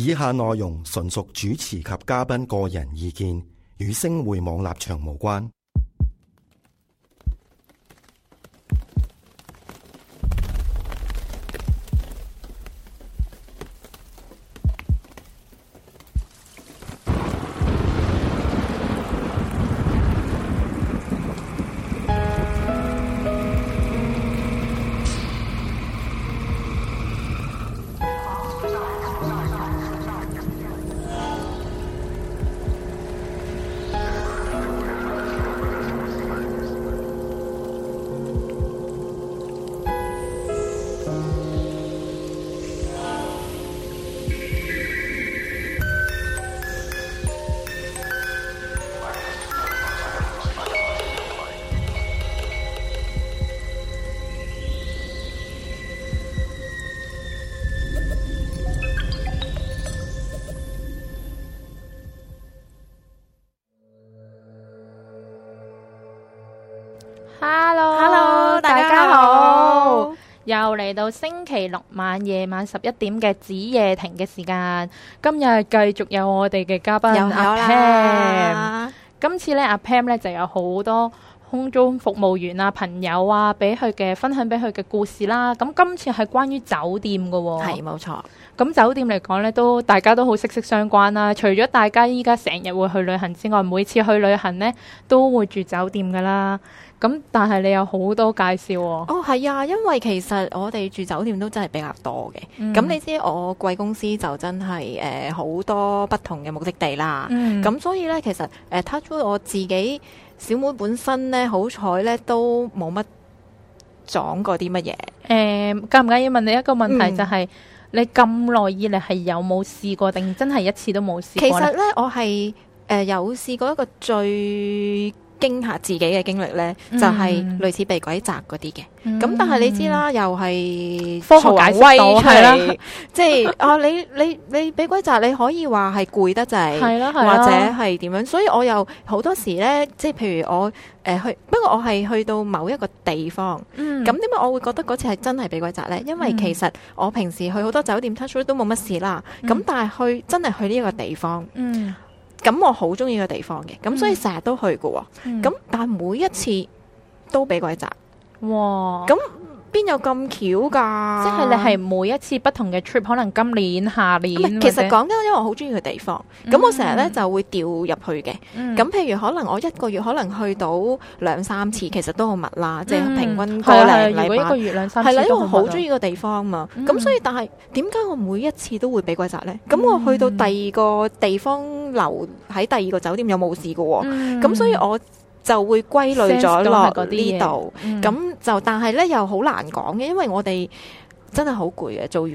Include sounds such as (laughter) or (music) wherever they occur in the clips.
以下內容純屬主持及嘉賓個人意見，與星匯網立場無關。嚟到星期六晚夜晚十一點嘅子夜亭嘅時間，今日繼續有我哋嘅嘉賓有阿 Pam，今次咧阿 Pam 咧就有好多。空中服務員啊，朋友啊，俾佢嘅分享，俾佢嘅故事啦。咁今次係關於酒店嘅喎，哦。係冇錯。咁酒店嚟講呢，都大家都好息息相關啦，啊。除咗大家依家成日會去旅行之外，每次去旅行呢都會住酒店噶啦。咁但係你有好多介紹喎。哦，係啊，哦，因為其實我哋住酒店都真係比較多嘅。咁，嗯，你知我貴公司就真係誒好多不同嘅目的地啦。咁，嗯，所以呢，其實誒、呃，Touch 我自己。小妹本身咧，好彩咧，都冇乜撞過啲乜嘢。誒，介唔介意問你一個問題，就係你咁耐以嚟，係有冇試過，定真係一次都冇試過？其實咧，我係誒、呃、有試過一個最。驚嚇自己嘅經歷呢，就係、是、類似被鬼笮嗰啲嘅。咁、嗯、但係你知啦，嗯、又係是科學解釋到即係啊，你你你俾鬼笮，你可以話係攰得滯，或者係點樣。所以我又好多時呢，即係譬如我誒、呃、去，不過我係去到某一個地方。咁點解我會覺得嗰次係真係俾鬼笮呢？因為其實我平時去好多酒店 touch wood 都冇乜事啦。咁、嗯、但係去真係去呢一個地方。嗯咁我好鍾意個地方嘅，咁所以成日都去㗎喎、哦。咁、嗯、但係每一次都俾鬼砸，哇！咁。邊有咁巧噶？即係你係每一次不同嘅 trip，可能今年、下年。其實講真吧，因為我好中意個地方，咁、嗯、我成日咧就會掉入去嘅。咁、嗯、譬如可能我一個月可能去到兩三次，其實都好密啦，嗯、即係平均個兩禮拜。如果一個月兩三次咧，因為我好中意個地方啊嘛。咁、嗯、所以，但係點解我每一次都會俾鬼責咧？咁我去到第二個地方留喺第二個酒店有冇事噶喎。咁、嗯、所以我。就會歸類咗落呢度，咁就但係咧又好難講嘅，因為我哋真係好攰嘅，做完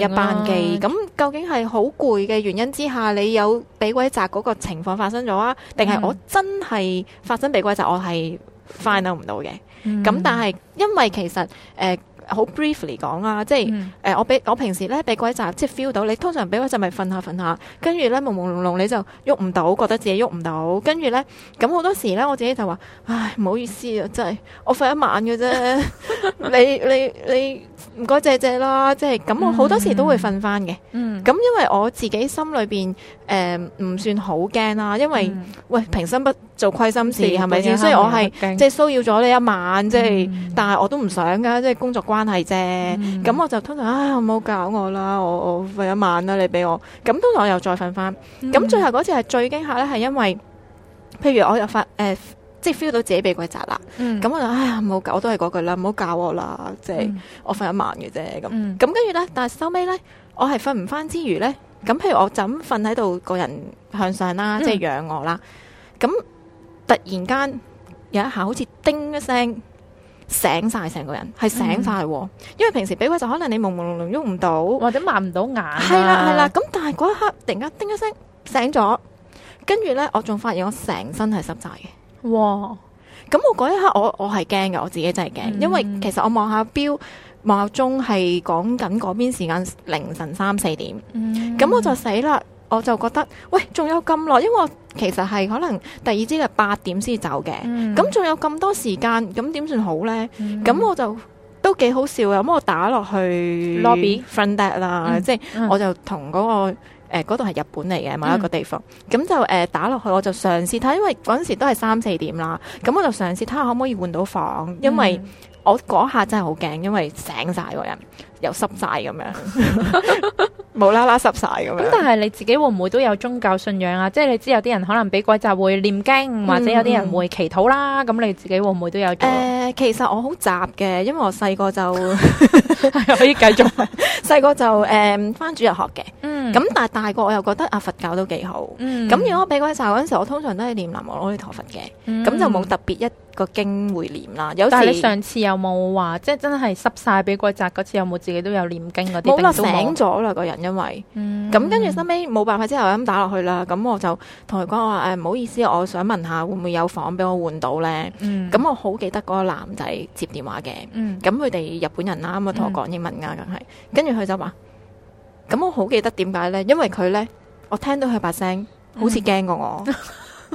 一班機，咁究竟係好攰嘅原因之下，你有被鬼壓嗰個情況發生咗啊？定係我真係發生被鬼壓，嗯、我係 find 唔到嘅，咁、嗯、但係因為其實誒。呃好 briefly 講啊，即係誒，我俾我平時咧俾鬼集，即係 feel 到你通常俾鬼集咪瞓下瞓下，跟住咧朦朦朧朧你就喐唔到，覺得自己喐唔到，跟住咧咁好多時咧我自己就話，唉，唔好意思啊，真係，我瞓一晚嘅啫，你你你唔該借借啦，即係咁我好多時都會瞓翻嘅。嗯，咁因為我自己心裏邊誒唔算好驚啦，因為喂平生不做虧心事係咪先？所以我係即係騷擾咗你一晚，即係但係我都唔想噶，即係工作。關係啫，咁、嗯、我就通常唉，唔、哎、好搞我啦，我我瞓一晚啦，你俾我，咁通常我又再瞓翻，咁、嗯、最後嗰次係最驚嚇咧，係因為，譬如我又發誒、呃，即係 feel 到自己被鬼砸啦，咁、嗯、我就唉，唔好搞，都係嗰句啦，唔好搞我啦，即係、嗯、我瞓一晚嘅啫，咁、嗯，咁跟住咧，但係收尾咧，我係瞓唔翻之餘咧，咁譬如我就瞓喺度，個人向上啦，即係仰我啦，咁突然間有一下好似叮一聲。醒晒成個人，係醒晒，嗯、因為平時俾鬼就可能你朦朦朧朧喐唔到，或者擘唔到眼，啊。係啦係啦，咁但係嗰一刻突然間叮一聲醒咗，跟住咧我仲發現我成身係濕晒嘅。哇！咁我嗰一刻我我係驚嘅，我自己真係驚，嗯、因為其實我望下表望下鐘係講緊嗰邊時間凌晨三四點，咁、嗯、我就死啦。我就覺得，喂，仲有咁耐，因為其實係可能第二朝係八點先走嘅，咁仲、嗯、有咁多時間，咁點算好呢？咁、嗯、我就都幾好笑嘅，咁我打落去 lobby friend that 啦，即係我就同嗰、嗰個嗰度係日本嚟嘅某一個地方，咁、嗯、就誒、呃、打落去，我就嘗試睇，因為嗰陣時都係三四點啦，咁我就嘗試睇下可唔可以換到房，因為我嗰下真係好驚，因為醒晒個人。又濕晒咁樣，無啦啦濕晒咁樣。咁但係你自己會唔會都有宗教信仰啊？即係你知有啲人可能俾鬼扎會念經，或者有啲人會祈禱啦。咁你自己會唔會都有？誒、嗯，其實我好雜嘅，因為我細個就可以 (laughs) 繼續。細個 (laughs) 就誒返主日學嘅，嗯。咁但係大個我又覺得啊佛教都幾好，嗯。咁如果我俾鬼扎嗰陣時，我通常都係念南無阿彌陀佛嘅，嗯。咁就冇特別一個經會念啦。有時但你上次有冇話，即係真係濕晒俾鬼扎嗰次有冇？你都有念經嗰啲了，冇啦醒咗啦，個人因，因為，咁跟住收尾冇辦法之後咁打落去啦，咁我就同佢講我話，誒、哎、唔好意思，我想問下會唔會有房俾我換到咧？咁、嗯、我好記得嗰個男仔接電話嘅，咁佢哋日本人啦，啱啱同我講英文噶，梗係、嗯，跟住佢就話，咁我好記得點解咧？因為佢咧，我聽到佢把聲好似驚過我，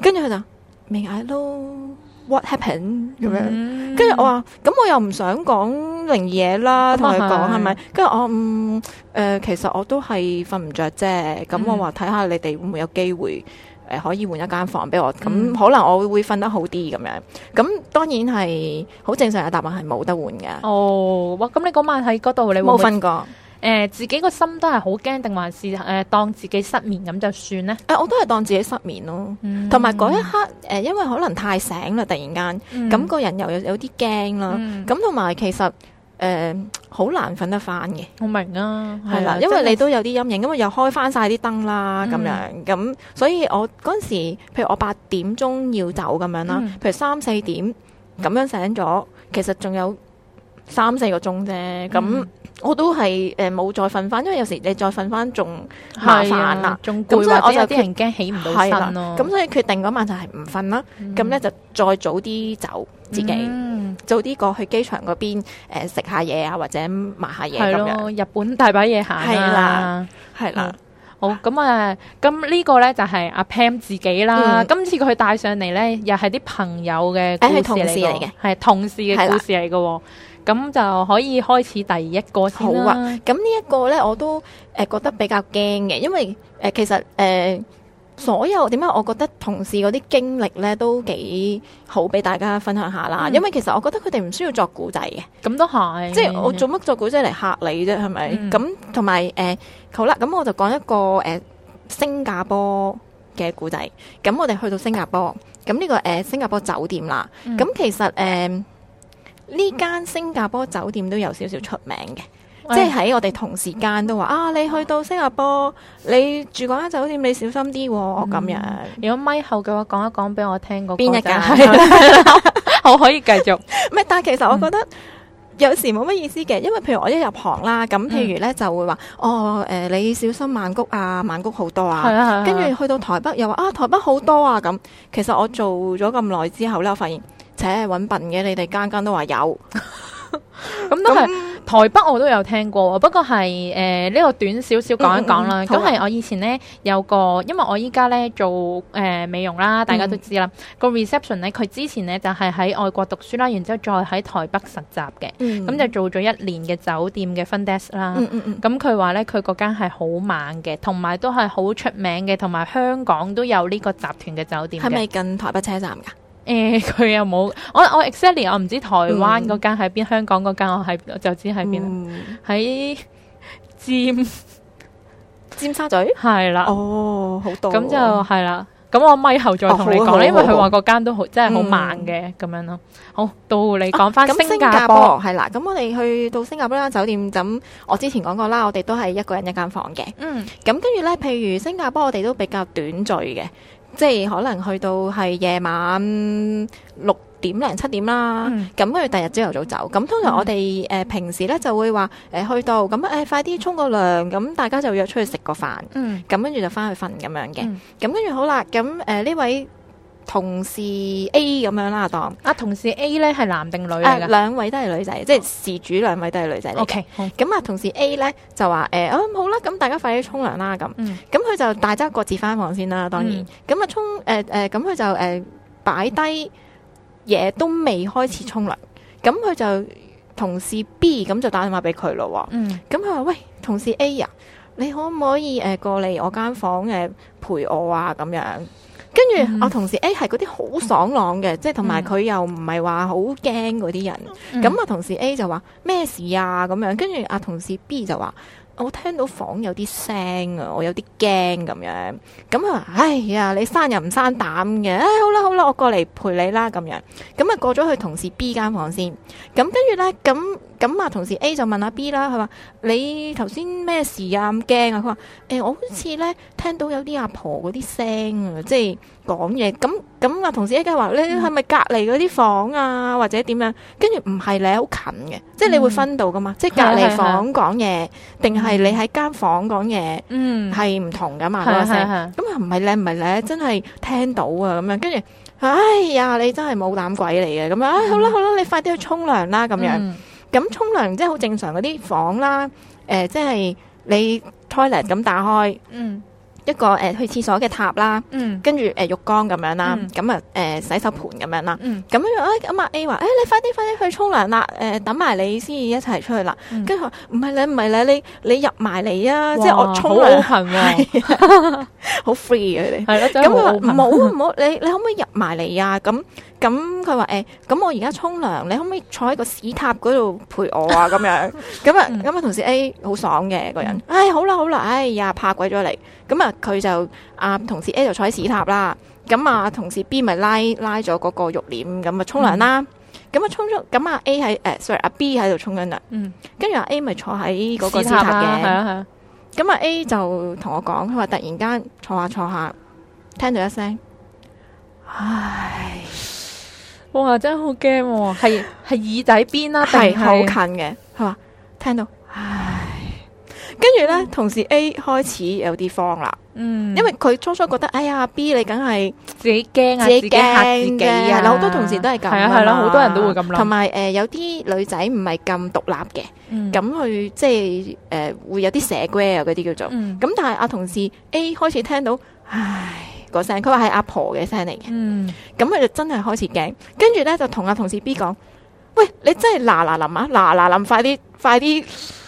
跟住佢就明嗌咯，咯。What happened 咁樣、mm？跟、hmm. 住我話，咁我又唔想講靈異嘢啦，同佢講係咪？跟住、嗯、我唔誒、嗯呃，其實我都係瞓唔着啫。咁我話睇下你哋會唔會有機會誒、呃，可以換一間房俾我？咁可能我會瞓得好啲咁樣。咁當然係好正常嘅答案係冇得換嘅。哦，哇！咁你嗰晚喺嗰度你冇瞓過？誒、呃、自己個心都係好驚，定還是誒、呃、當自己失眠咁就算咧？誒、呃、我都係當自己失眠咯，同埋嗰一刻誒、呃，因為可能太醒啦，突然間，咁、嗯、個人又有、嗯、有啲驚啦，咁同埋其實誒好、呃、難瞓得翻嘅。我明啊，係啦、啊，啊、因為你都有啲陰影，因為又開翻晒啲燈啦，咁樣咁，所以我嗰陣時，譬如我八點鐘要走咁樣啦，嗯、譬如三四點咁樣醒咗，其實仲有三四個鐘啫，咁。我都係誒冇再瞓翻，因為有時你再瞓翻仲麻煩啦。仲攰，所以我就啲人驚、啊、起唔到身咯、啊。咁、啊、所以決定嗰晚就係唔瞓啦。咁咧、嗯、就再早啲走自己，嗯、早啲過去機場嗰邊誒食下嘢啊，或者買下嘢咁、啊、樣。日本大把嘢行啦，係啦、啊。好咁啊！咁、嗯、呢個咧就係阿 Pam 自己啦。嗯、今次佢帶上嚟咧，又係啲朋友嘅故事嚟嘅，係同事嘅故事嚟嘅。咁的、嗯、就可以開始第一個先啦。咁、啊、呢一個咧，我都誒、呃、覺得比較驚嘅，因為誒、呃、其實誒、呃、所有點解我覺得同事嗰啲經歷咧都幾好俾大家分享下啦。嗯、因為其實我覺得佢哋唔需要作古仔嘅。咁都係，即係我做乜作古仔嚟吓你啫？係咪？咁同埋誒。嗯嗯好啦，咁我就講一個誒、呃、新加坡嘅故仔。咁我哋去到新加坡，咁呢、這個誒、呃、新加坡酒店啦。咁、嗯、其實誒呢間新加坡酒店都有少少出名嘅，嗯、即係喺我哋同時間都話啊，你去到新加坡，你住嗰間酒店，你小心啲，哦。嗯、我咁樣，如果咪後嘅話，講一講俾我聽嗰邊一間， (laughs) (laughs) (laughs) 我可以繼續。咩？ (laughs) 但係其實我覺得、嗯。有時冇乜意思嘅，因為譬如我一入行啦，咁譬如咧、嗯、就會話，哦誒、呃，你小心曼谷啊，曼谷好多啊。跟住、啊啊、去到台北又話啊台北好多啊咁。其實我做咗咁耐之後呢，我發現，且係揾笨嘅，你哋間間都話有，咁 (laughs) 都係 是。台北我都有聽過，不過係誒呢個短少少講一講啦。咁係、嗯嗯嗯、我以前呢有個，因為我依家呢做誒、呃、美容啦，大家都知啦。嗯、個 reception 呢，佢之前呢就係、是、喺外國讀書啦，然之後再喺台北實習嘅，咁就、嗯嗯嗯、做咗一年嘅酒店嘅 front desk 啦。咁佢話呢，佢嗰間係好猛嘅，同埋都係好出名嘅，同埋香港都有呢個集團嘅酒店。係咪近台北車站㗎？誒，佢、欸、又冇我我 e x c 我唔知台灣嗰間喺邊，嗯、香港嗰間我喺就知喺邊，喺、嗯、尖尖沙咀係啦。哦，好多咁、哦、就係啦。咁我咪後再同你講，哦、因為佢話嗰間都好，嗯、真係好慢嘅咁樣咯。好，到你講返新加坡係、啊、啦。咁我哋去到新加坡嗰間酒店，咁我之前講過啦，我哋都係一個人一間房嘅。嗯。咁跟住咧，譬如新加坡，我哋都比較短聚嘅。即係可能去到係夜晚六點零七點啦，咁跟住第二日朝頭早走。咁通常我哋誒、嗯呃、平時咧就會話誒、呃、去到咁誒、呃呃、快啲沖個涼，咁、嗯、大家就約出去食個飯，咁跟住就翻去瞓咁樣嘅。咁跟住好啦，咁誒呢位。同事 A 咁樣啦、啊，當啊同事 A 咧係男定女嚟？兩、啊、位都係女仔，哦、即係事主兩位都係女仔嚟。O K，咁啊同事 A 咧就話誒，哦、呃啊、好啦，咁大家快啲沖涼啦咁。咁佢、嗯、就大家各自翻房先啦、啊，當然。咁啊沖誒誒，咁佢就誒擺低嘢都未開始沖涼。咁佢、嗯、就同事 B 咁就打電話俾佢咯。咁佢話喂，同事 A 啊，你可唔可以誒過嚟我間房誒陪我啊？咁樣。跟住我同事 A 係嗰啲好爽朗嘅，即係同埋佢又唔係話好驚嗰啲人，咁啊、mm hmm. 同事 A 就話咩事啊咁樣，跟住阿同事 B 就話我聽到房有啲聲啊，我有啲驚咁樣，咁啊哎呀你生又唔生膽嘅、哎，好啦好啦，我過嚟陪你啦咁樣，咁啊過咗去同事 B 間房先，咁跟住咧咁。咁啊！同事 A 就問阿 B 啦，佢話：你頭先咩事啊？咁驚啊！佢話：誒、欸，我好似咧聽到有啲阿婆嗰啲聲啊，即係講嘢。咁咁啊！同事 A 梗係話：咧係咪隔離嗰啲房啊？嗯、或者點樣？跟住唔係你好近嘅，即係你會分到噶嘛？嗯、即係隔離房講嘢，定係你喺間房講嘢？嗯，係唔、嗯、同噶嘛？嗰陣咁啊，唔係咧，唔係咧，真係聽到啊！咁樣跟住，哎呀，你真係冇膽鬼嚟嘅咁樣。哎，好啦好啦，你快啲去沖涼啦咁樣。嗯咁沖涼即係好正常嗰啲房啦，誒、呃、即係你 toilet 咁打開。嗯一個誒去廁所嘅塔啦，跟住誒浴缸咁樣啦，咁啊誒洗手盤咁樣啦，咁樣，咁阿 A 話誒你快啲快啲去沖涼啦，誒等埋你先一齊出去啦，跟住話唔係你，唔係咧，你你入埋嚟啊，即係我沖涼，好 o p 好 free 佢哋，係咯，真係好唔好唔好，你你可唔可以入埋嚟啊？咁咁佢話誒咁我而家沖涼，你可唔可以坐喺個屎塔嗰度陪我啊？咁樣，咁啊咁啊同事 A 好爽嘅個人，唉好啦好啦，唉呀怕鬼咗你，咁啊。佢就阿、啊、同事 A 就坐喺屎塔啦，咁啊同事 B 咪拉拉咗嗰個浴簾，咁啊沖涼啦，咁啊沖咗，咁啊 A 喺誒，sorry 阿 B 喺度沖緊涼，嗯，跟住阿 A 咪坐喺嗰個屎塔嘅，係、呃、啊咁、嗯、啊 A 就同、啊啊啊啊、我講，佢話突然間坐下坐下，聽到一聲，唉，哇真係好驚喎，係係耳仔邊啦，係好近嘅，佢話是、啊、聽到。唉跟住咧，呢嗯、同事 A 開始有啲慌啦，嗯、因為佢初初覺得，哎呀 B 你梗係自己驚啊，自己嚇自己啊，好多同事都係咁啊，係咯、嗯，好多人都會咁啦。同埋誒，有啲女仔唔係咁獨立嘅，咁佢即係誒會有啲社羣啊嗰啲叫做。咁、嗯、但係阿同事 A 開始聽到，唉個聲，佢話係阿婆嘅聲嚟嘅，咁佢、嗯、就真係開始驚。呢跟住咧就同阿同事 B 講：喂，你真係嗱嗱臨啊，嗱嗱臨，快啲，快啲！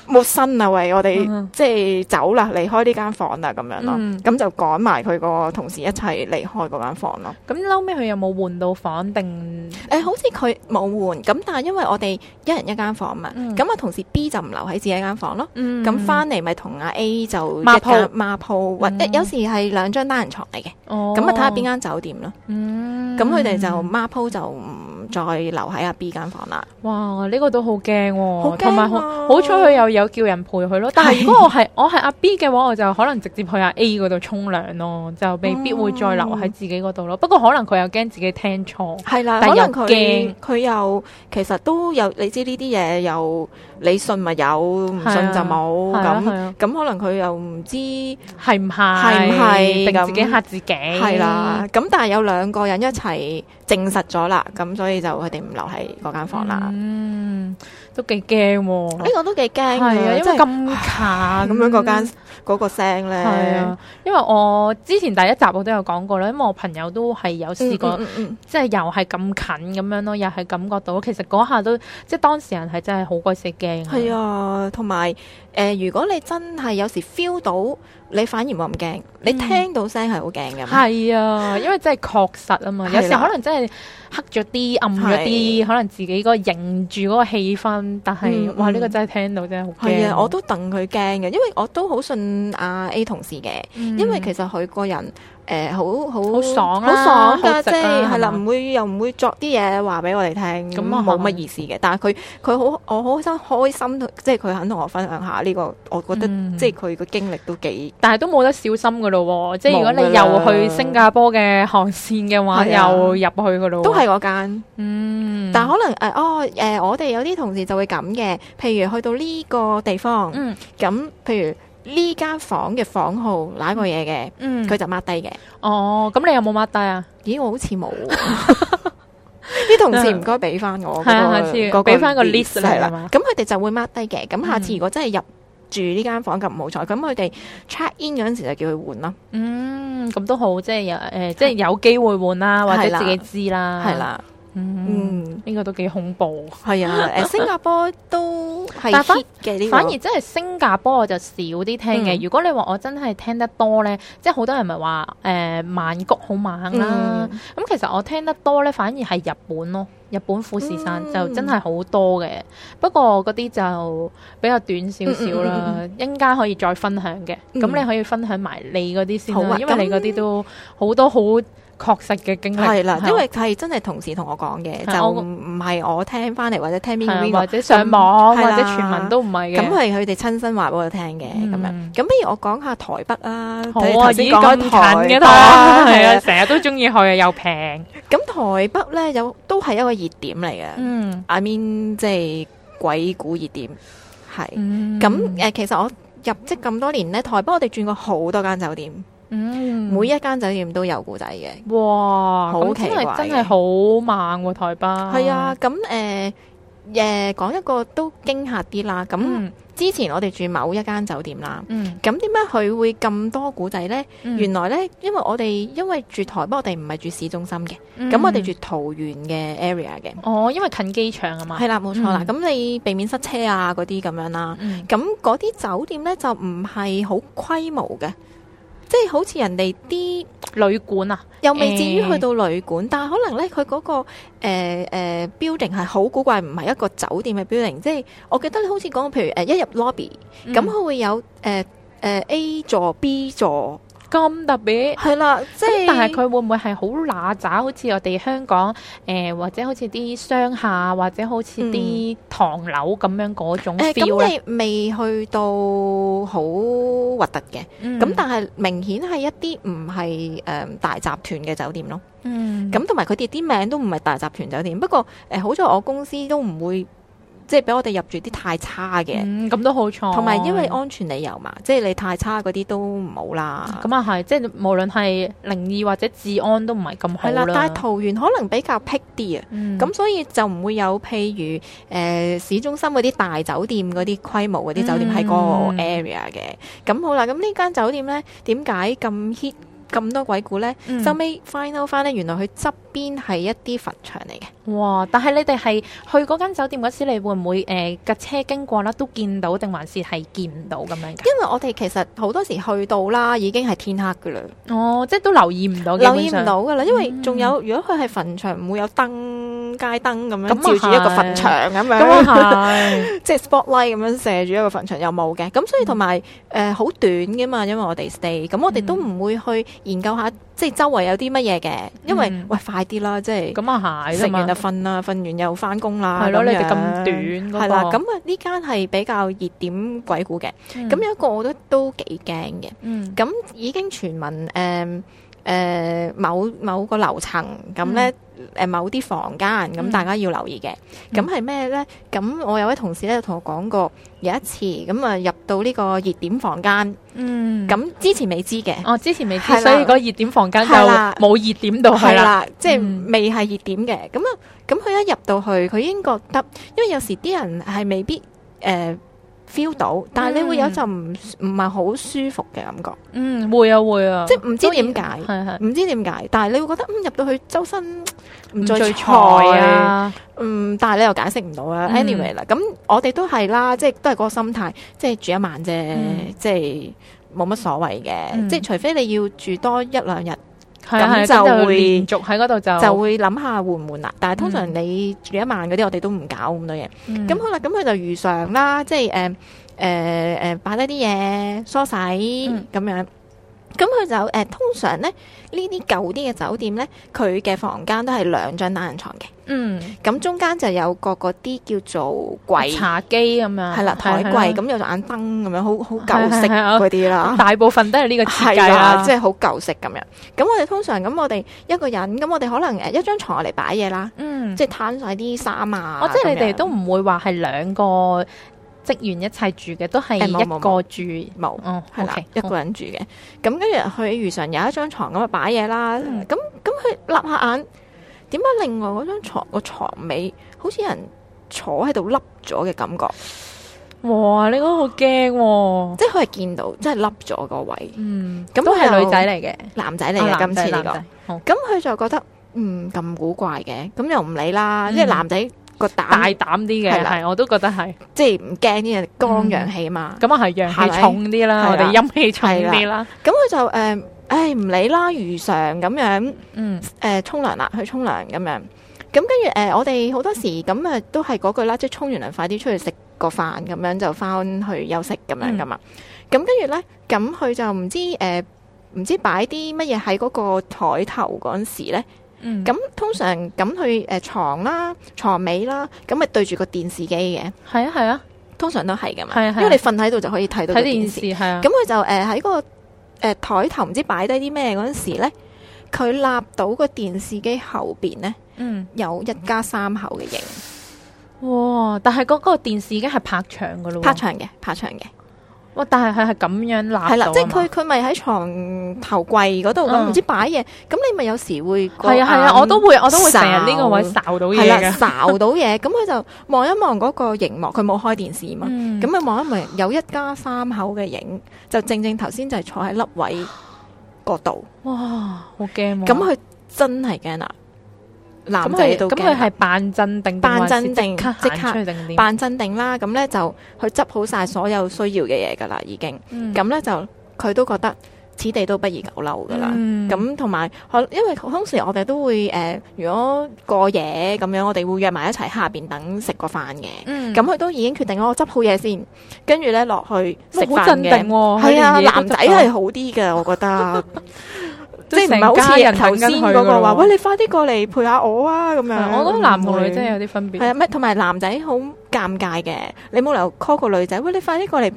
冇身啊！喂，我哋即係走啦，離開呢間房啦，咁樣咯。咁就趕埋佢個同事一齊離開嗰間房咯。咁嬲尾佢有冇換到房定？誒，好似佢冇換。咁但係因為我哋一人一間房嘛，咁啊同事 B 就唔留喺自己間房咯。咁翻嚟咪同阿 A 就孖鋪孖鋪，有時係兩張單人床嚟嘅。咁啊睇下邊間酒店咯。咁佢哋就孖鋪就唔再留喺阿 B 間房啦。哇！呢個都好驚喎，同埋好好彩佢又有叫人陪佢咯，但係如果我係我係阿 B 嘅話，我就可能直接去阿 A 嗰度沖涼咯，就未必會再留喺自己嗰度咯。嗯、不過可能佢又驚自己聽錯，係啦。可能佢驚佢又其實都有，你知呢啲嘢又你信咪有，唔信就冇咁。咁可能佢又唔知係唔係，係唔係定自己吓自己。係啦，咁、啊、但係有兩個人一齊。證實咗啦，咁所以就佢哋唔留喺嗰間房啦。嗯，都幾驚喎！呢個、欸、都幾驚啊，因為咁近，咁唉樣嗰間嗰個聲咧。係啊，因為我之前第一集我都有講過啦，因為我朋友都係有試過，嗯嗯嗯嗯、即係又係咁近咁樣咯，又係感覺到，其實嗰下都即係當事人係真係好鬼死驚。係啊，同埋。誒、呃，如果你真係有時 feel 到，你反而冇咁驚。你聽到聲係好驚嘅。係啊，因為真係確實啊嘛。有時可能真係黑咗啲、暗咗啲，是可能自己個凝住嗰個氣氛。但係，嗯嗯、哇！呢、呢個真係聽到真係好驚。係啊，我都戥佢驚嘅，因為我都好信阿 A 同事嘅，因為其實佢個人。誒，好好好爽啊！即係係啦，唔會又唔會作啲嘢話俾我哋聽。咁冇乜意思嘅。但係佢佢好，我好開心，開心即係佢肯同我分享下呢個。我覺得即係佢個經歷都幾。但係都冇得小心噶咯，即係如果你又去新加坡嘅航線嘅話，又入去噶咯。都係嗰間，嗯。但係可能誒，哦誒，我哋有啲同事就會咁嘅，譬如去到呢個地方，嗯，咁譬如。呢間房嘅房號哪個嘢嘅，佢就 mark 低嘅。哦，咁你有冇 mark 低啊？咦，我好似冇。啲同事唔該俾翻我，下次我俾翻個 list 嚟啦。咁佢哋就會 mark 低嘅。咁下次如果真係入住呢間房咁唔好彩，咁佢哋 check in 嗰陣時就叫佢換囉。嗯，咁都好，即係有誒，即係有機會換啦，或者自己知啦，係啦。嗯，呢個都幾恐怖，係啊！新加坡都係反而真係新加坡我就少啲聽嘅。如果你話我真係聽得多咧，即係好多人咪話誒，曼谷好猛啦。咁其實我聽得多咧，反而係日本咯，日本富士山就真係好多嘅。不過嗰啲就比較短少少啦，應該可以再分享嘅。咁你可以分享埋你嗰啲先，因為你嗰啲都好多好。確實嘅經歷係啦，因為係真係同事同我講嘅，就唔係我聽翻嚟或者聽邊邊或者上網或者傳聞都唔係嘅，咁係佢哋親身話俾我聽嘅咁樣。咁不如我講下台北啊，台頭先講唔近嘅係啊，成日都中意去啊，又平。咁台北咧有都係一個熱點嚟嘅，嗯，I mean 即係鬼故熱點係。咁誒，其實我入職咁多年咧，台北我哋轉過好多間酒店。嗯，每一間酒店都有古仔嘅。哇，好奇怪嘅。咁真係真係好猛喎！台北，係啊，咁誒，誒，講一個都驚嚇啲啦。咁之前我哋住某一間酒店啦，咁點解佢會咁多古仔呢？原來呢，因為我哋因為住台北，我哋唔係住市中心嘅，咁我哋住桃園嘅 area 嘅。哦，因為近機場啊嘛。係啦，冇錯啦。咁你避免塞車啊，嗰啲咁樣啦。咁嗰啲酒店呢，就唔係好規模嘅。即係好似人哋啲旅館啊，又未至於去到旅館，嗯、但係可能咧佢嗰個誒誒 building 係好古怪，唔係一個酒店嘅 building。即係我記得你好似講，譬如誒一入 lobby，咁佢會有誒誒、呃呃、A 座、B 座。咁特別係、嗯、啦，即、就、係、是，但係佢會唔會係好乸渣？好似我哋香港誒、呃，或者好似啲商廈，或者好似啲唐樓咁樣嗰種 feel 咧？咁你未去到好核突嘅，咁但係明顯係一啲唔係誒大集團嘅酒店咯。嗯，咁同埋佢哋啲名都唔係大集團酒店，不過誒好彩我公司都唔會。即係俾我哋入住啲太差嘅，咁都好錯。同埋因為安全理由嘛，即係你太差嗰啲都唔好啦。咁啊係，即係無論係靈異或者治安都唔係咁好啦。但係桃園可能比較僻啲啊，咁、嗯、所以就唔會有譬如誒、呃、市中心嗰啲大酒店嗰啲規模嗰啲酒店喺嗰個 area 嘅。咁、嗯、好啦，咁呢間酒店咧點解咁 hit？咁多鬼故呢，後尾 final 翻呢。原來佢側邊係一啲墳場嚟嘅。哇！但係你哋係去嗰間酒店嗰時，你會唔會誒架、呃、車經過啦，都見到定還是係見唔到咁樣？因為我哋其實好多時去到啦，已經係天黑噶啦。哦，即係都留意唔到嘅，留意唔到噶啦。因為仲有，如果佢係墳場，唔、嗯、會有燈。街燈咁樣照住一個墳場咁樣，即係、嗯嗯、 (laughs) spotlight 咁樣射住一個墳場又冇嘅，咁所以同埋誒好短嘅嘛，因為我哋 stay，咁我哋都唔會去研究下即係周圍有啲乜嘢嘅，因為、嗯、喂快啲啦，即係咁啊食完就瞓啦，瞓、嗯、完又翻工啦，係咯，你哋咁短係啦，咁啊呢間係比較熱點鬼故嘅，咁、嗯、有一個我覺得都幾驚嘅，咁、嗯、已經傳聞誒。嗯誒、呃，某某個樓層咁咧，誒，嗯、某啲房間咁，大家要留意嘅。咁係咩咧？咁我有位同事咧，同我講過，有一次咁啊，入到呢個熱點房間，嗯，咁之前未知嘅。哦，之前未知，係啦，所以個熱點房間就冇熱點到係啦，即係未係熱點嘅。咁啊、嗯，咁佢一入到去，佢已經覺得，因為有時啲人係未必誒。呃 feel 到，但係你會有陣唔唔係好舒服嘅感覺。嗯，會啊會啊，即係唔知點解，唔知點解。但係你會覺得嗯入到去周身唔聚財啊。聚財啊，嗯，但係你又解釋唔到啊。嗯、anyway 啦，咁我哋都係啦，即係都係嗰個心態，即係住一晚啫，嗯、即係冇乜所謂嘅。嗯、即係除非你要住多一兩日。咁就會連續喺嗰度就就會諗下會會換唔換啦？嗯、但係通常你住一晚嗰啲，我哋都唔搞咁多嘢。咁、嗯、好啦，咁佢就如常啦，即係誒誒誒擺低啲嘢，梳洗咁、嗯、樣。咁佢就誒、呃、通常咧，呢啲舊啲嘅酒店咧，佢嘅房間都係兩張單人床嘅。嗯，咁中間就有個嗰啲叫做櫃茶几咁樣。係啦，台櫃咁有盞燈咁樣，好好舊式嗰啲啦。大部分都係呢個設計啦，即係好舊式咁樣。咁我哋通常咁，我哋一個人咁，我哋可能誒一張床嚟擺嘢啦。嗯，即係攤晒啲衫啊。哦，即係你哋都唔會話係兩個職員一齊住嘅都係一個住冇。係啦，一個人住嘅。咁跟住去如常有一張床咁啊，擺嘢啦。咁咁佢擸下眼，點解另外嗰張床個床尾好似人坐喺度笠咗嘅感覺？哇！你講好驚，即係佢係見到，即係笠咗個位。嗯，咁都係女仔嚟嘅，男仔嚟嘅。今次呢個，咁佢就覺得嗯咁古怪嘅，咁又唔理啦。即係男仔。個大膽啲嘅，係的的我都覺得係，即係唔驚啲嘢，光陽氣嘛，咁啊係陽氣重啲啦，的我哋陰氣重啲啦，咁佢就誒、呃，唉唔理啦，如常咁樣，嗯，誒沖涼啦，去沖涼咁樣，咁跟住誒、呃、我哋好多時咁啊都係嗰句啦，即係沖完涼快啲出去食個飯咁樣就翻去休息咁樣噶嘛，咁、嗯、跟住咧，咁佢就唔知誒唔、呃、知擺啲乜嘢喺嗰個台頭嗰陣時咧。嗯，咁通常咁去誒床啦，床尾啦，咁咪對住個電視機嘅。係啊係啊，通常都係噶嘛。係啊，因為你瞓喺度就可以睇到睇電視係啊。咁佢就誒喺個誒台、呃、頭唔知擺低啲咩嗰陣時咧，佢、嗯、立到個電視機後邊咧，嗯，有一家三口嘅影。哇！但係嗰嗰個電視已經係拍牆噶咯，拍牆嘅，拍牆嘅。但係佢係咁樣立喺啦，即係佢佢咪喺床頭櫃嗰度咁，唔、嗯、知擺嘢，咁你咪有時會係啊，係啊，我都會，我都會成日呢個位睄到嘢睄到嘢，咁佢 (laughs) 就望一望嗰個熒幕，佢冇開電視嘛，咁佢望一望有一家三口嘅影，就正正頭先就係坐喺粒位嗰度，哇！好驚，啊，咁佢真係驚啦。男仔，咁佢係扮鎮定，扮鎮定，即刻扮鎮定啦。咁咧就去執好晒所有需要嘅嘢噶啦，已經、嗯。咁咧就佢都覺得此地都不宜久留噶啦。咁同埋，我因為當時我哋都會誒、呃，如果過夜咁樣，我哋會約埋一齊下邊等食個飯嘅。咁佢、嗯、都已經決定我執好嘢先，跟住咧落去食飯嘅。係啊、嗯，男仔係好啲嘅，我覺得。 (laughs) 即係唔係好似人頭先嗰個話？喂，你快啲過嚟陪下我啊！咁樣，我覺得男同女真係有啲分別。係啊，咩？同埋男仔好尷尬嘅，你冇留 call 個女仔。喂，你快啲過嚟，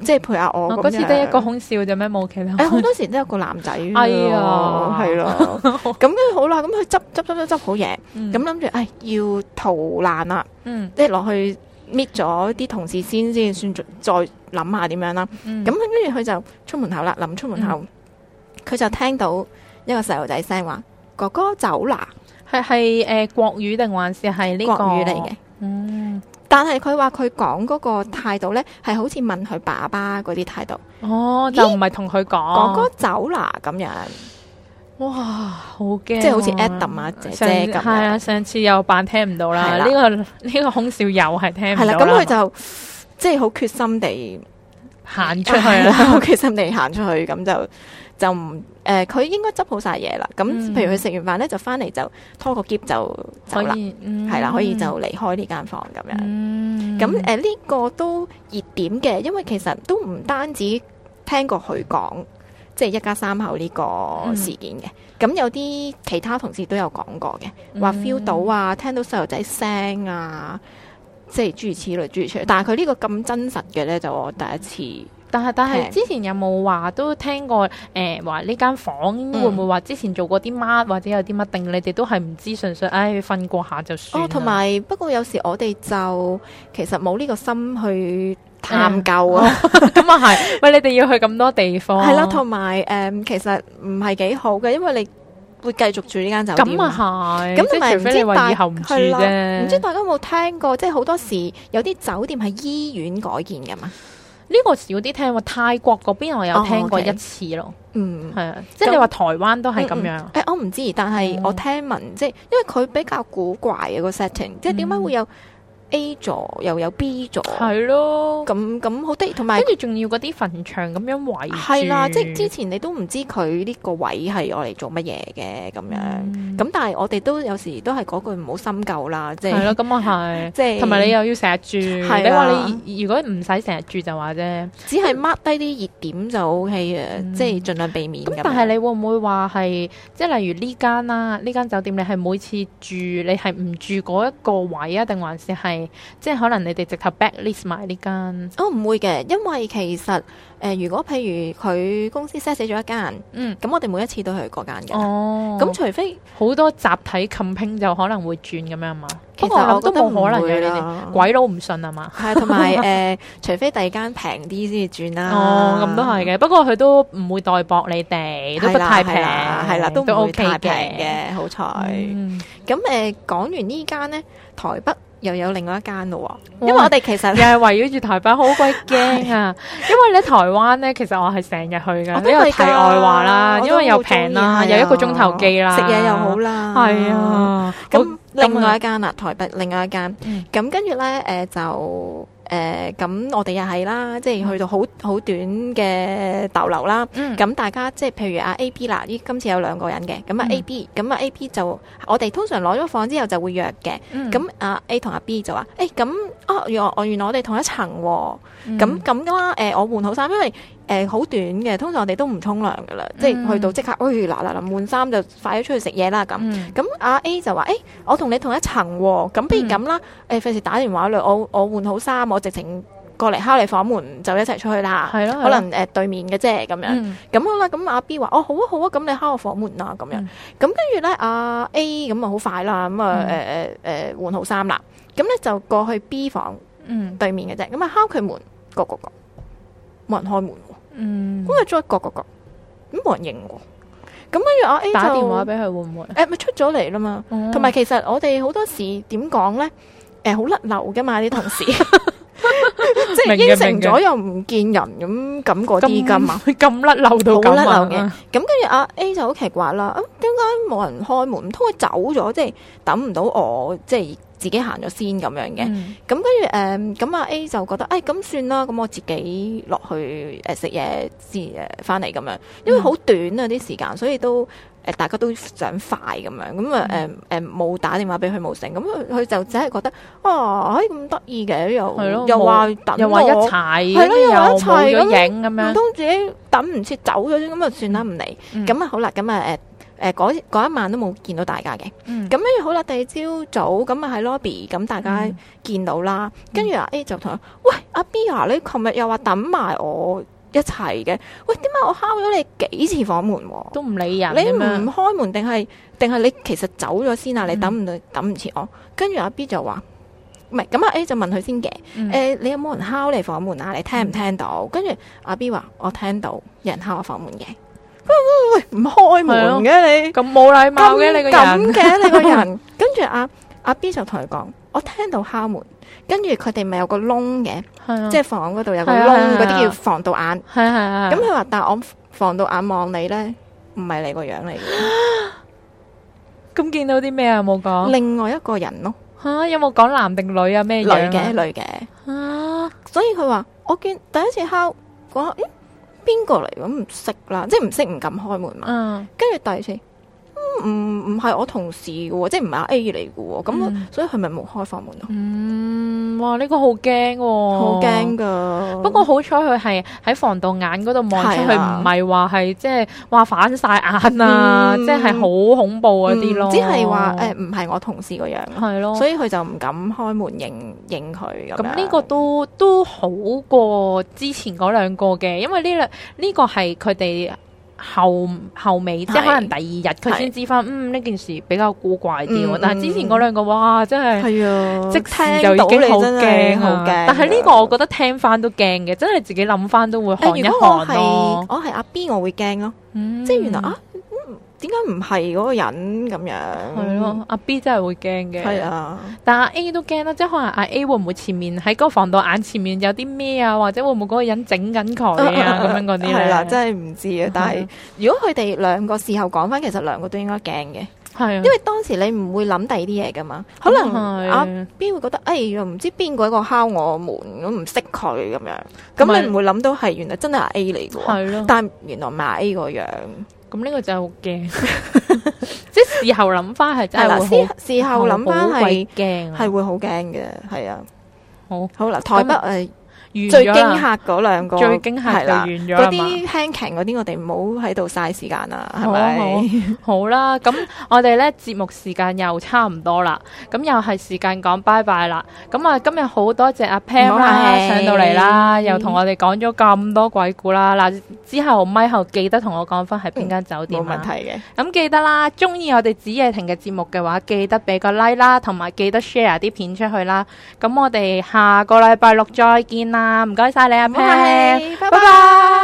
即係陪下我。嗰次得一個空笑就咩，冇其他。好多時都有個男仔。哎呀，係咯。咁跟住好啦，咁佢執執執執執好嘢，咁諗住唉，要逃難啦。嗯，即係落去搣咗啲同事先先，算再諗下點樣啦。咁跟住佢就出門口啦，臨出門口。佢就聽到一個細路仔聲話：哥哥走啦，係係誒國語定還是係呢個語嚟嘅？嗯。但係佢話佢講嗰個態度咧，係好似問佢爸爸嗰啲態度。哦，咦就唔係同佢講。哥哥走啦，咁樣。哇，好驚、啊！即係好似 Adam 啊，姐姐咁。係啊，上次又扮的、這個這個、聽唔到啦。呢個呢個空少又係聽唔到啦。咁佢就、嗯、即係好決心地行出去啦，好決心地行出去咁就。就唔誒，佢、呃、應該執好晒嘢啦。咁譬如佢食完飯咧，就翻嚟就拖個喼就走啦，係啦、嗯，可以就離開呢間房咁樣。咁誒呢個都熱點嘅，因為其實都唔單止聽過佢講，即係一家三口呢個事件嘅。咁、嗯、有啲其他同事都有講過嘅，話 feel 到啊，聽到細路仔聲啊，即係諸如此類諸如此類。嗯、但係佢呢個咁真實嘅咧，就我第一次。但係但係，之前有冇話都聽過誒？話呢間房，嗯、會唔會話之前做過啲乜，或者有啲乜定？你哋都係唔知，純粹唉，瞓過下就算。哦，同埋不過有時我哋就其實冇呢個心去探究啊。咁啊係，喂，你哋要去咁多地方。係啦，同埋誒，其實唔係幾好嘅，因為你會繼續住呢間酒店。咁，咪係，啊係，咁即係除非你話以後唔住啫。唔知，知大家有冇聽過？即係好多時有啲酒店係醫院改建噶嘛。呢個少啲聽喎，泰國嗰邊我有聽過一次咯、嗯，嗯，係啊，即係你話台灣都係咁樣。誒，我唔知，但係我聽聞，即係、嗯、因為佢比較古怪嘅、啊、個 setting，即係點解會有？嗯 A 座又有 B 座，係咯的，咁咁好啲，同埋跟住仲要嗰啲墳場咁樣位，係啦，即係之前你都唔知佢呢個位係我嚟做乜嘢嘅咁樣，咁、嗯、但係我哋都有時都係嗰句唔好深究啦，即係係咯，咁啊係，即係同埋你又要成日住，你話你如果唔使成日住就話啫，只係 mark 低啲熱點就 O K 嘅，即係盡量避免。咁但係你會唔會話係，即係例如呢間啦，呢間酒店你係每次住你係唔住嗰一個位啊，定還是係？即係可能你哋直頭 back list 埋呢間，哦，唔會嘅，因為其實誒如果譬如佢公司 set 死咗一間，嗯，咁我哋每一次都去嗰間嘅，哦，咁除非好多集體 complain 就可能會轉咁樣嘛，不過我都冇可能嘅，你哋鬼佬唔信啊嘛，係同埋誒，除非第二間平啲先至轉啦，哦，咁都係嘅，不過佢都唔會代薄你哋，都不太平，係啦，都唔會太平嘅，好彩，咁誒講完呢間咧，台北。又有另外一間咯喎，因為我哋其實又係圍繞住台北，好鬼驚啊！因為咧台灣咧，其實我係成日去㗎，呢個題外話啦，因為又平啦，又一個鐘頭機啦，食嘢又好啦，係啊，咁另外一間啦，台北另外一間，咁跟住咧，誒就。誒咁、呃、我哋又係啦，即係去到好好、嗯、短嘅逗留啦。咁、嗯、大家即係譬如阿 A、B 啦，咦今次有兩個人嘅。咁啊 A、B，咁啊 A、B 就我哋通常攞咗房之後就會約嘅。咁啊、嗯、A 同阿 B 就話：誒、欸、咁哦，原來我原來我哋同一層喎、哦。咁咁嘅啦，誒、呃、我換好衫，因為。誒，好、呃、短嘅，通常我哋都唔沖涼噶啦，即係去到即刻，哎，嗱嗱換衫就快咗出去食嘢啦咁。咁阿、嗯啊、A 就話，誒、欸，我同你同一層、哦，咁不如咁啦，誒、嗯，費事、呃、打電話嚟。我我換好衫，我直情過嚟敲你房門就一齊出去啦。的可能誒、呃是的 呃、對面嘅啫，咁樣，咁、嗯嗯、好啦。咁、啊、阿 B 話，哦，好啊好啊，咁你敲我房門啦，咁樣。咁跟住咧，阿 A 咁啊好快啦，咁啊誒誒誒換好衫啦，咁咧就過去，去 B 房，嗯，對面嘅啫，咁啊敲佢門，各個各個冇人開門，咁咪再角角角，咁冇人認，咁跟住阿 A 就打電話俾佢會唔會？誒，咪出咗嚟啦嘛，同埋其實我哋好多時點講咧？誒，好甩漏嘅嘛啲同事，即係應承咗又唔見人咁咁嗰啲咁啊，咁甩漏到咁，甩漏嘅。咁跟住阿 A 就好奇怪啦，點解冇人開門？唔通佢走咗？即係等唔到我？即係？即自己行咗先咁樣嘅，咁跟住誒，咁阿、嗯嗯、A 就覺得，誒、哎、咁算啦，咁我自己落去誒食嘢先誒，翻嚟咁樣，因為好短啊啲時間，所以都誒、呃、大家都想快咁樣，咁啊誒誒冇打電話俾佢冇成，咁佢就只係覺得，哦、啊，哎咁得意嘅又又話等我又話一齊，係咯，又話一齊影咁樣，唔通自己等唔切走咗先，咁啊、嗯、算啦唔嚟，咁啊好啦，咁啊誒。誒，嗰、呃、一晚都冇見到大家嘅，咁跟住好啦，第二朝早咁啊喺 lobby，咁大家見到啦，跟住阿 A 就同佢、嗯、喂阿 B 啊，你琴日又話等埋我一齊嘅，喂，點解我敲咗你幾次房門、啊、門，都唔理人，你唔開門定係定係你其實走咗先啊？你等唔到、嗯，等唔切我，跟住阿 B 就話唔係，咁阿 A 就問佢先嘅，誒、嗯呃，你有冇人敲你房門啊？你聽唔聽到？跟住阿 B 話我聽到，有人敲我房門嘅。喂喂喂！唔、哎、開門嘅你，咁冇禮貌嘅你個人，咁嘅你個人。 (laughs) 跟住阿、啊、阿 B 就同佢講，我聽到敲門，跟住佢哋咪有個窿嘅， (laughs) 即係房嗰度有個窿，嗰啲 (laughs) 叫防盜眼。咁佢話，但係我防盜眼望你呢，唔係你個樣嚟嘅。咁 (laughs) 見到啲咩啊？有冇講。另外一個人咯。吓， (laughs) 有冇講男定女啊？咩樣啊？女嘅，女嘅。 (laughs) 所以佢話我見第一次敲邊個嚟咁唔識啦，即係唔識唔敢開門嘛，跟住、嗯、第二次。唔，唔係我同事嘅，即係唔係阿 A 嚟嘅，咁、嗯、所以佢咪冇開房門咯。嗯，哇，呢、呢個好驚、喎，好驚噶。不過好彩佢係喺防盜眼嗰度望出去的，唔係話係即係話反晒眼啊，嗯、即係好恐怖嗰啲咯。嗯、只係話誒，唔、呃、係我同事個樣，係咯的，所以佢就唔敢開門，認認佢咁，呢個都都好過之前嗰兩個嘅，因為呢兩呢個係佢哋。後後尾即係可能第二日佢先知翻的、嗯，嗯呢件事比較古怪啲。但係之前嗰兩個哇，真係的即時就已經好驚。但係呢個我覺得聽翻都驚嘅，真係自己諗翻都會可能如果我係我係阿 B，我會驚咯，嗯、即係原來啊。啊點解唔係嗰個人咁樣？係咯 mile 吧，阿 B 真係會驚嘅。係啊，但阿 A 都驚啦，即係可能阿 A 會唔會前面喺個防盜眼前面有啲咩啊，或者會唔會嗰個人整緊佢啊？咁樣嗰啲係啦，真係唔知啊。但係如果佢哋兩個事後講翻，其實兩個都應該驚嘅。係啊，因為當時你唔會諗第二啲嘢噶嘛。可能係是阿 B 會覺得，哎，又唔知邊個喺度敲我門，我唔識佢咁樣。咁你唔會諗到係原來真係 A 嚟嘅。係咯、啊。但係原來唔係 A 個樣。咁呢個就係好驚，即係事後諗翻係真係會好，事後諗翻係驚，係會好驚嘅，係啊，啊好，好啦，台北係。今 最驚嚇嗰兩個，最驚嚇，係啦，嗰啲 handling 嗰啲，我哋唔好喺度嘥時間啦，係咪？好啦，咁我哋咧節目時間又差唔多啦，咁又係時間講拜拜啦。咁啊，今日好多謝阿 Pam 啦，上到嚟啦，又同我哋講咗咁多鬼故啦。嗱、嗯，之後咪後記得同我講翻係邊間酒店、嗯，冇問題嘅。咁、啊、記得啦，中意我哋子夜亭嘅節目嘅話，記得俾個 like 啦，同埋記得 share 啲片出去啦。咁我哋下個禮拜六,六再見啦。啊，唔該曬啦，你阿 Pen，拜拜。拜拜 (noise)